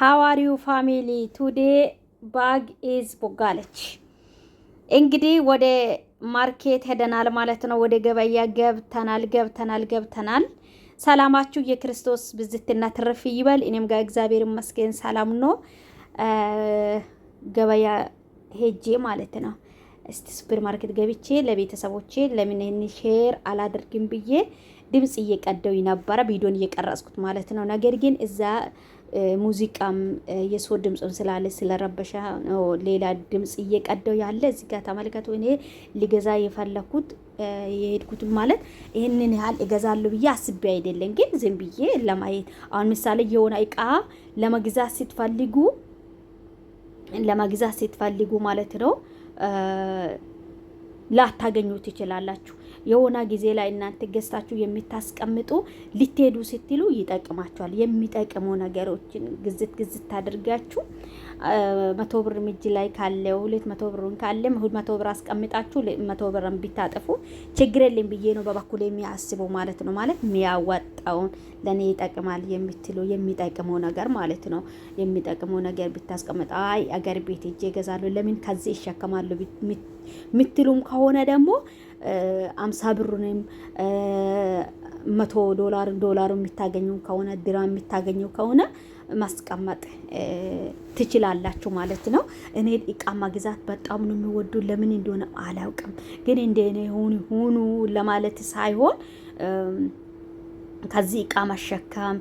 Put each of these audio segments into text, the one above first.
ሀዋሪው ፋሚሊ ቱዴ ባግ ኢዝ ቦጋለች። እንግዲህ ወደ ማርኬት ሄደናል ማለት ነው። ወደ ገበያ ገብተናል ገብተናል ገብተናል። ሰላማችሁ የክርስቶስ ብዝትና ትርፍ ይበል። እኔም ጋር እግዚአብሔር ይመስገን ሰላም ነው። ገበያ ሄጄ ማለት ነው። እስቲ ሱፐር ማርኬት ገብቼ ለቤተሰቦቼ ለምን ይህን ሼር አላደርግም ብዬ ድምጽ እየቀደው ነበረ ቪዲዮን እየቀረጽኩት ማለት ነው። ነገር ግን እዛ ሙዚቃም የሰው ድምፅም ስላለ ስለረበሻ ነው ሌላ ድምፅ እየቀደው ያለ እዚህ ጋር ተመልከቱ። እኔ ሊገዛ የፈለኩት የሄድኩትም ማለት ይህንን ያህል እገዛለሁ ብዬ አስቤ አይደለም፣ ግን ዝም ብዬ ለማየት አሁን ምሳሌ የሆነ እቃ ለመግዛት ስትፈልጉ ለመግዛት ስትፈልጉ ማለት ነው ላታገኙት ትችላላችሁ። የሆነ ጊዜ ላይ እናንተ ገዝታችሁ የምታስቀምጡ ልትሄዱ ስትሉ ይጠቅማችኋል። የሚጠቅሙ ነገሮችን ግዝት ግዝት አድርጋችሁ መቶ ብር ምጅ ላይ ካለ ሁለት መቶ ብሩን ካለ መቶ ብር አስቀምጣችሁ መቶ ብር ቢታጠፉ ችግር የለም ብዬ ነው በበኩል የሚያስበው ማለት ነው። ማለት የሚያዋጣውን ለእኔ ይጠቅማል የምትሉ የሚጠቅመው ነገር ማለት ነው። የሚጠቅመው ነገር ብታስቀምጥ አይ አገር ቤት እጅ ይገዛሉ ለምን ከዚህ ይሸከማሉ ምትሉም ከሆነ ደግሞ አምሳ ብሩንም መቶ ዶላር ዶላሩ የሚታገኘው ከሆነ ድራ የሚታገኘው ከሆነ ማስቀመጥ ትችላላችሁ ማለት ነው። እኔ ኢቃማ ግዛት በጣም ነው የሚወዱ። ለምን እንደሆነ አላውቅም፣ ግን እንደ እኔ ሁኑ ለማለት ሳይሆን ከዚህ እቃ መሸከም፣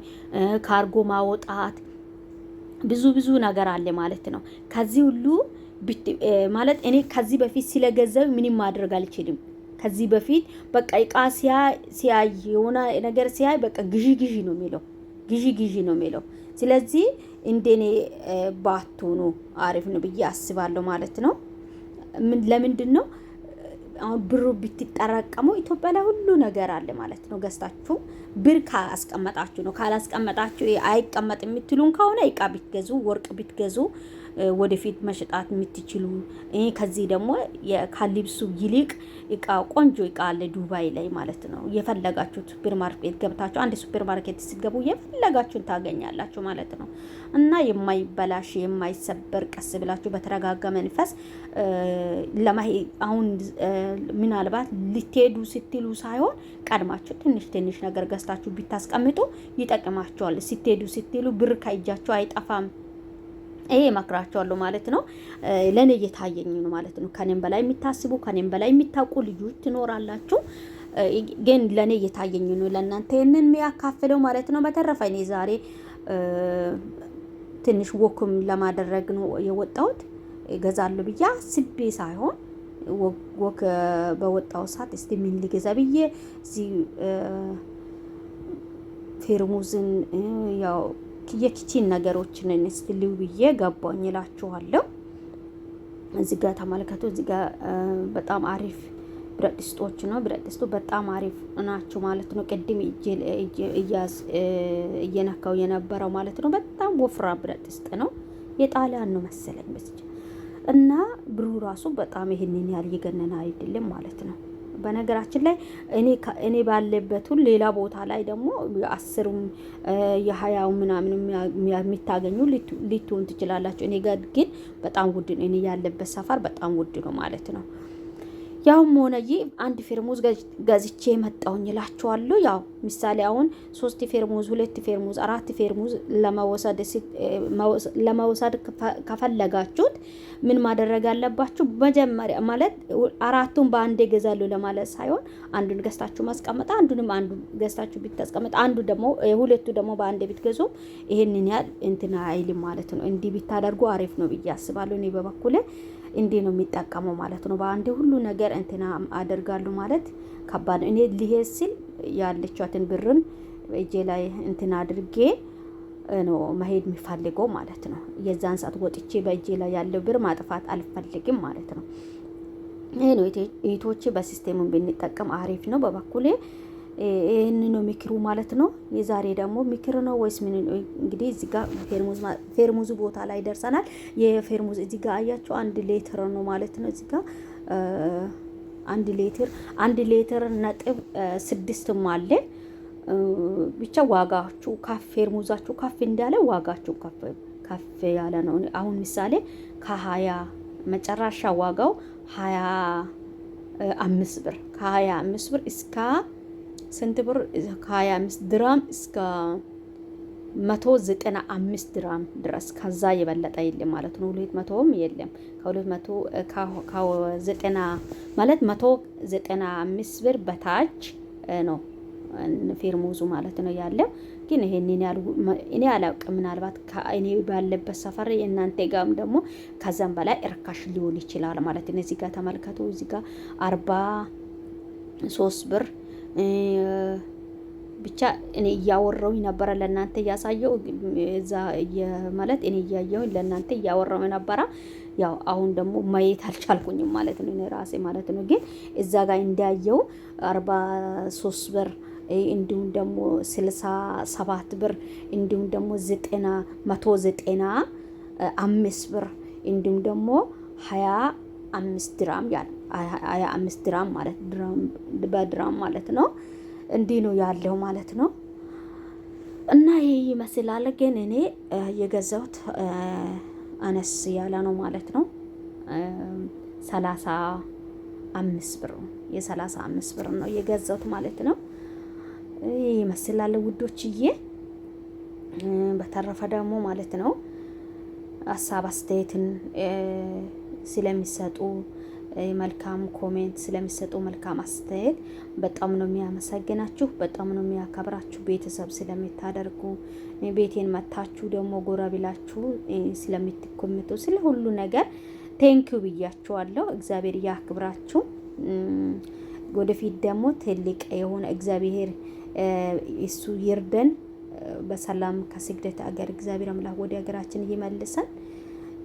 ካርጎ ማወጣት ብዙ ብዙ ነገር አለ ማለት ነው። ከዚህ ሁሉ ማለት እኔ ከዚህ በፊት ስለገዘብ ምንም ማድረግ አልችልም። ከዚህ በፊት በቃ እቃ ሲያይ የሆነ ነገር ሲያይ በቃ ግዢ ግዢ ነው የሚለው ግዢ ግዢ ነው የሚለው። ስለዚህ እንደኔ ባትሆኑ አሪፍ ነው ብዬ አስባለሁ ማለት ነው። ለምንድን ነው አሁን ብሩ ብትጠራቀሙ ኢትዮጵያ ላይ ሁሉ ነገር አለ ማለት ነው። ገዝታችሁ ብር ካላስቀመጣችሁ ነው ካላስቀመጣችሁ አይቀመጥ የምትሉን ከሆነ እቃ ብትገዙ፣ ወርቅ ብትገዙ ወደፊት መሸጣት የምትችሉ ከዚህ ደግሞ ካሊብሱ ይልቅ እቃ ቆንጆ እቃ አለ ዱባይ ላይ ማለት ነው። የፈለጋችሁት ሱፐር ማርኬት ገብታችሁ አንድ ሱፐር ማርኬት ስትገቡ የፈለጋችሁን ታገኛላችሁ ማለት ነው እና የማይበላሽ የማይሰበር ቀስ ብላችሁ በተረጋጋ መንፈስ ለማሄድ አሁን ምናልባት ልትሄዱ ስትሉ ሳይሆን ቀድማችሁ ትንሽ ትንሽ ነገር ገዝታችሁ ቢታስቀምጡ ይጠቅማችኋል። ስትሄዱ ስትሉ ብር ከእጃችሁ አይጠፋም። ይሄ እመክራቸዋለሁ ማለት ነው። ለእኔ እየታየኝ ነው ማለት ነው። ከኔም በላይ የሚታስቡ ከኔም በላይ የሚታውቁ ልጆች ትኖራላችሁ። ግን ለእኔ እየታየኝ ነው፣ ለእናንተ ይህንን የሚያካፍለው ማለት ነው። በተረፈ እኔ ዛሬ ትንሽ ወክም ለማደረግ ነው የወጣሁት። እገዛለሁ ብዬ አስቤ ሳይሆን ወክ በወጣው ሰዓት እስቲ ምን ልገዛ ብዬ እዚህ ፌርሙዝን ያው የኪቺን ነገሮችን እስቲ ልዩ ብዬ ገባኝ እላችኋለሁ። እዚህ ጋር ተመልከቱ። እዚህ ጋር በጣም አሪፍ ብረት ድስቶች ነው። ብረት ድስቱ በጣም አሪፍ ናቸው ማለት ነው። ቅድም እየነካው የነበረው ማለት ነው። በጣም ወፍራም ብረት ድስት ነው። የጣሊያን ነው መሰለኝ እና ብሩ ራሱ በጣም ይህንን ያህል የገነነ አይደለም ማለት ነው። በነገራችን ላይ እኔ ባለበትን ሌላ ቦታ ላይ ደግሞ የአስሩም የሀያው ምናምን የሚታገኙ ሊትሆን ትችላላችሁ። እኔ ጋር ግን በጣም ውድ ነው። እኔ ያለበት ሰፈር በጣም ውድ ነው ማለት ነው። ያውም ሆነ ይህ አንድ ፌርሙዝ ገዝቼ መጣውኝ እላችኋለሁ። ያው ምሳሌ አሁን ሶስት ፌርሙዝ፣ ሁለት ፌርሙዝ፣ አራት ፌርሙዝ ለመውሰድ ከፈለጋችሁት ምን ማደረግ አለባችሁ መጀመሪያ ማለት አራቱን በአንዴ ገዛሉ ለማለት ሳይሆን አንዱን ገዝታችሁ ማስቀመጥ አንዱንም አንዱ ገዝታችሁ ብታስቀመጥ አንዱ ደግሞ ሁለቱ ደግሞ በአንዴ ቢትገዙ ይሄንን ያህል እንትን አይልም ማለት ነው። እንዲህ ቢታደርጉ አሪፍ ነው ብዬ አስባለሁ እኔ በበኩሌ እንዴ ነው የሚጠቀመው ማለት ነው። በአንዴ ሁሉ ነገር እንትና አደርጋሉ ማለት ከባድ ነው። እኔ ሊሄድ ሲል ያለችትን ብርን እጄ ላይ እንትና አድርጌ ነው መሄድ የሚፈልገው ማለት ነው። የዛን ሰዓት ወጥቼ በእጄ ላይ ያለው ብር ማጥፋት አልፈልግም ማለት ነው። ይህ ነው እህቶቼ፣ በሲስቴሙን ብንጠቀም አሪፍ ነው በበኩሌ ይህን ነው ምክሩ ማለት ነው። የዛሬ ደግሞ ምክር ነው ወይስ ምን? እንግዲህ እዚህ ጋር ፌርሙዙ ቦታ ላይ ደርሰናል። የፌርሙዝ እዚህ ጋር አያቸው አንድ ሌትር ነው ማለት ነው። እዚህ ጋር አንድ ሌትር አንድ ሌትር ነጥብ ስድስትም አለ ብቻ ዋጋችሁ ካፍ ፌርሙዛችሁ ካፍ እንዳለ ዋጋችሁ ካፍ ካፍ ያለ ነው። አሁን ምሳሌ ከሀያ መጨረሻ ዋጋው ሀያ አምስት ብር ከሀያ አምስት ብር እስከ ስንት ብር? ከ25 ድራም እስከ አምስት ድራም ድረስ ከዛ የበለጠ የለም ማለት ነው ሁለት መቶም የለም መቶ 290 ማለት አምስት ብር በታች ነው ፌርሙዙ ማለት ነው ያለ። ግን ይሄንን ያሉ እኔ አላውቅም። ምናልባት ከእኔ ባለበት ሰፈር እናንተ ጋም ደግሞ ከዛም በላይ እርካሽ ሊሆን ይችላል ማለት ነው። እዚህ ጋር ተመልከቱ። እዚህ ጋር አርባ ሶስት ብር ብቻ እኔ እያወራሁኝ ነበረ ለእናንተ እያሳየው እዛ ማለት እኔ እያየሁኝ ለእናንተ እያወራሁ ነበረ። ያው አሁን ደግሞ ማየት አልቻልኩኝም ማለት ነው እኔ ራሴ ማለት ነው። ግን እዛ ጋር እንዳየው አርባ ሶስት ብር እንዲሁም ደግሞ ስልሳ ሰባት ብር እንዲሁም ደግሞ ዘጠና መቶ ዘጠና አምስት ብር እንዲሁም ደግሞ ሀያ አምስት ድራም ያለ ሀያ አምስት ድራም ማለት በድራም ማለት ነው። እንዲህ ነው ያለው ማለት ነው። እና ይህ ይመስላል። ግን እኔ የገዛሁት አነስ ያለ ነው ማለት ነው። ሰላሳ አምስት ብር የሰላሳ አምስት ብር ነው የገዛሁት ማለት ነው። ይህ ይመስላል ውዶችዬ። በተረፈ ደግሞ ማለት ነው ሀሳብ አስተያየትን ስለሚሰጡ መልካም ኮሜንት ስለሚሰጡ መልካም አስተያየት በጣም ነው የሚያመሰግናችሁ፣ በጣም ነው የሚያከብራችሁ። ቤተሰብ ስለሚታደርጉ ቤቴን መታችሁ ደግሞ ጎራ ቢላችሁ ስለምትኮምቱ ስለ ሁሉ ነገር ቴንኪው ብያችኋለሁ። እግዚአብሔር ያክብራችሁ። ወደፊት ደግሞ ትልቅ የሆነ እግዚአብሔር እሱ ይርደን፣ በሰላም ከስግደት አገር እግዚአብሔር አምላክ ወደ ሀገራችን ይመልሰን።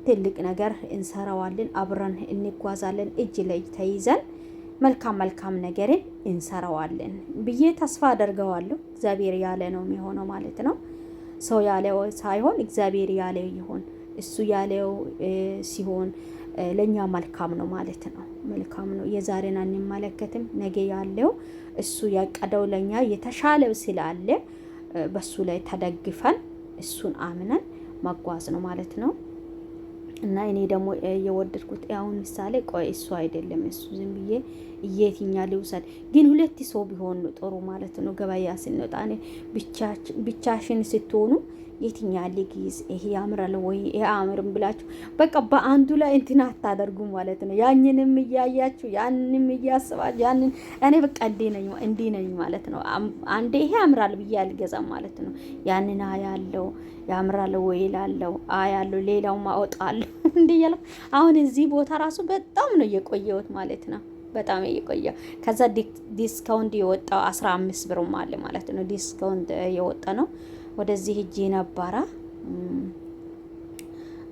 ትልቅ ነገር እንሰራዋለን፣ አብረን እንጓዛለን፣ እጅ ለእጅ ተይዘን መልካም መልካም ነገርን እንሰራዋለን ብዬ ተስፋ አደርገዋለሁ። እግዚአብሔር ያለ ነው የሚሆነው ማለት ነው። ሰው ያለው ሳይሆን እግዚአብሔር ያለው ይሆን። እሱ ያለው ሲሆን ለእኛ መልካም ነው ማለት ነው። መልካም ነው። የዛሬን አንመለከትም። ነገ ያለው እሱ ያቀደው ለእኛ የተሻለው ስላለ በሱ ላይ ተደግፈን እሱን አምነን መጓዝ ነው ማለት ነው። እና እኔ ደግሞ የወደድኩት አሁን ምሳሌ ቆይ እሱ አይደለም እሱ ዝም ብዬ የትኛ ልውሰድ ግን ሁለት ሰው ቢሆን ጥሩ ማለት ነው። ገበያ ስንወጣ ብቻሽን ስትሆኑ የትኛ ልግዝ ይሄ ያምራል ወይ ይሄ አምርም ብላችሁ በቃ በአንዱ ላይ እንትን አታደርጉ ማለት ነው። ያንንም እያያችሁ ያንንም እያስባችሁ ያንን እኔ በቃ እንዲህ ነኝ እንዲህ ነኝ ማለት ነው። አንዴ ይሄ ያምራል ብዬ አልገዛም ማለት ነው። ያንን አያለው ያምራል ወይ ላለው አያለው ሌላውም አወጣለሁ እንዲህ እያለ አሁን እዚህ ቦታ ራሱ በጣም ነው የቆየሁት ማለት ነው። በጣም እየቆየ ከዛ ዲስካውንት የወጣ 15 ብር አለ ማለት ነው። ዲስካውንት የወጣ ነው። ወደዚህ ሂጄ ነባራ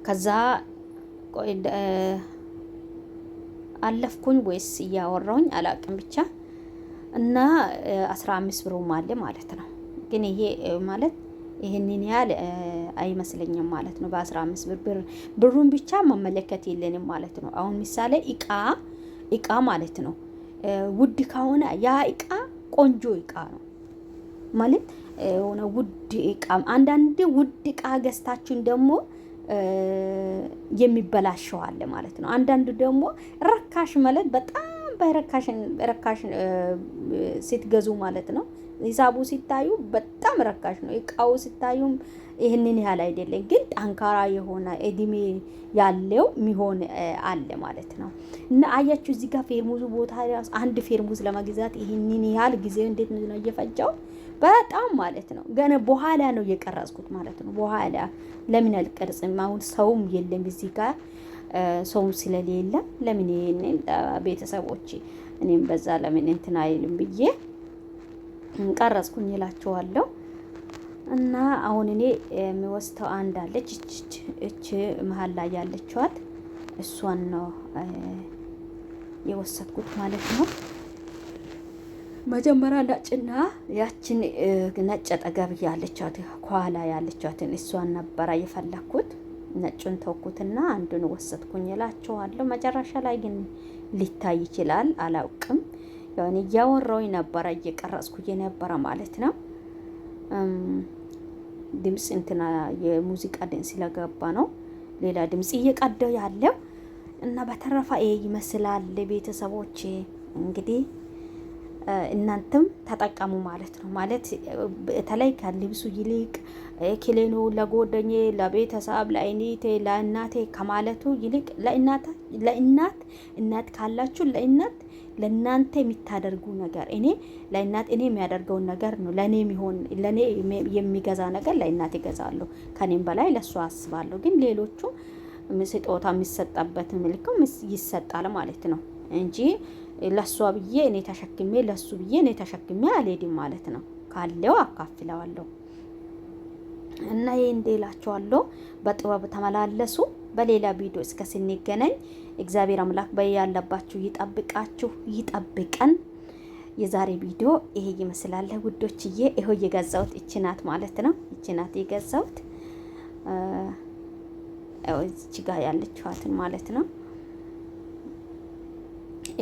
ከዛ አለፍኩኝ ወይስ እያወራሁኝ አላቅም። ብቻ እና 15 ብር ማለ ማለት ነው። ግን ይሄ ማለት ይህንን ያህል አይመስለኝም ማለት ነው። በ15 ብር ብሩን ብቻ መመለከት የለንም ማለት ነው። አሁን ምሳሌ እቃ እቃ ማለት ነው። ውድ ከሆነ ያ እቃ ቆንጆ እቃ ነው ማለት የሆነ ውድ እቃ አንዳንድ ውድ እቃ ገዝታችን ደግሞ የሚበላሸዋል ማለት ነው። አንዳንዱ ደግሞ ረካሽ ማለት በጣም በረካሽ በርካሽ ስትገዙ ማለት ነው ሂሳቡ ሲታዩ በጣም ረካሽ ነው። እቃው ሲታዩም ይህንን ያህል አይደለም፣ ግን ጠንካራ የሆነ እድሜ ያለው ሚሆን አለ ማለት ነው። እና አያችሁ እዚህ ጋር ፌርሙዙ ቦታ ራሱ አንድ ፌርሙዝ ለመግዛት ይህንን ያህል ጊዜ እንዴት ነው እየፈጃው? በጣም ማለት ነው። ገና በኋላ ነው የቀረጽኩት ማለት ነው። በኋላ ለምን አልቀርጽም? አሁን ሰውም የለም እዚህ ጋር ሰውም ስለሌለ ለምን ይሄንን ቤተሰቦች እኔም በዛ ለምን እንትን አይልም ብዬ ቀረጽኩኝ ይላችኋለሁ። እና አሁን እኔ የሚወስተው አንድ አለች እች መሀል ላይ ያለችዋት እሷን ነው የወሰድኩት ማለት ነው። መጀመሪያ ነጭና ያችን ነጭ ጠገብ ያለችዋት ከኋላ ያለችዋትን እሷን ነበረ የፈለግኩት። ነጩን ተውኩትና አንዱን ወሰድኩኝ ይላችኋለሁ። መጨረሻ ላይ ግን ሊታይ ይችላል አላውቅም። ያውን እያወራው ነበረ እየቀረጽኩኝ የነበረ ማለት ነው። ድምፅ እንትና የሙዚቃ ድምፅ ስለገባ ነው ሌላ ድምፅ እየቀደው ያለው እና በተረፈ ይሄ ይመስላል ቤተሰቦቼ እንግዲህ እናንተም ተጠቀሙ ማለት ነው። ማለት በተለይ ከልብሱ ይልቅ ክሌኑ ለጎደኜ፣ ለቤተሰብ፣ ለአይኒቴ፣ ለእናቴ ከማለቱ ይልቅ ለእናት እናት ካላችሁ ለእናት ለእናንተ የሚታደርጉ ነገር እኔ ለእናት እኔ የሚያደርገውን ነገር ነው ለእኔ የሚሆን ለእኔ የሚገዛ ነገር ለእናት ይገዛለሁ። ከኔም በላይ ለእሱ አስባለሁ። ግን ሌሎቹ ስጦታ የሚሰጠበት ምልክም ይሰጣል ማለት ነው። እንጂ ለሷ ብዬ እኔ ተሸክሜ ለሱ ብዬ እኔ ተሸክሜ አልሄድም ማለት ነው። ካለው አካፍለዋለሁ እና ይሄ እንዴ በጥበብ ተመላለሱ። በሌላ ቪዲዮ እስከ ስንገናኝ እግዚአብሔር አምላክ በያለባችሁ ይጠብቃችሁ፣ ይጠብቀን። የዛሬ ቪዲዮ ይሄ ይመስላል ውዶችዬ። ይኸው የገዛሁት እቺ ማለት ነው። እቺ የገዛሁት እቺ ጋር ያለችዋትን ማለት ነው።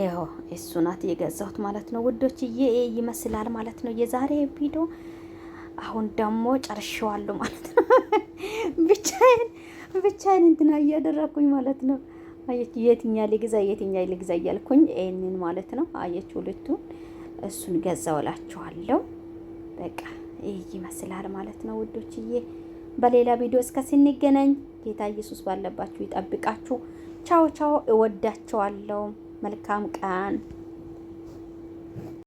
ይኸው እሱ ናት የገዛሁት ማለት ነው ውዶችዬ፣ ይመስላል ማለት ነው የዛሬ ቪዲዮ። አሁን ደግሞ ጨርሼዋለሁ ማለት ነው። ብቻዬን ብቻዬን እንትና እያደረኩኝ ማለት ነው። አየች የትኛ ልግዛ የትኛ ልግዛ እያልኩኝ ይሄንን ማለት ነው። አየች ሁለቱን እሱን ገዛውላችኋለሁ። በቃ ይህ ይመስላል ማለት ነው ውዶችዬ። በሌላ ቪዲዮ እስከ ስንገናኝ ጌታ ኢየሱስ ባለባችሁ ይጠብቃችሁ። ቻው ቻው። እወዳቸዋለሁ። መልካም ቀን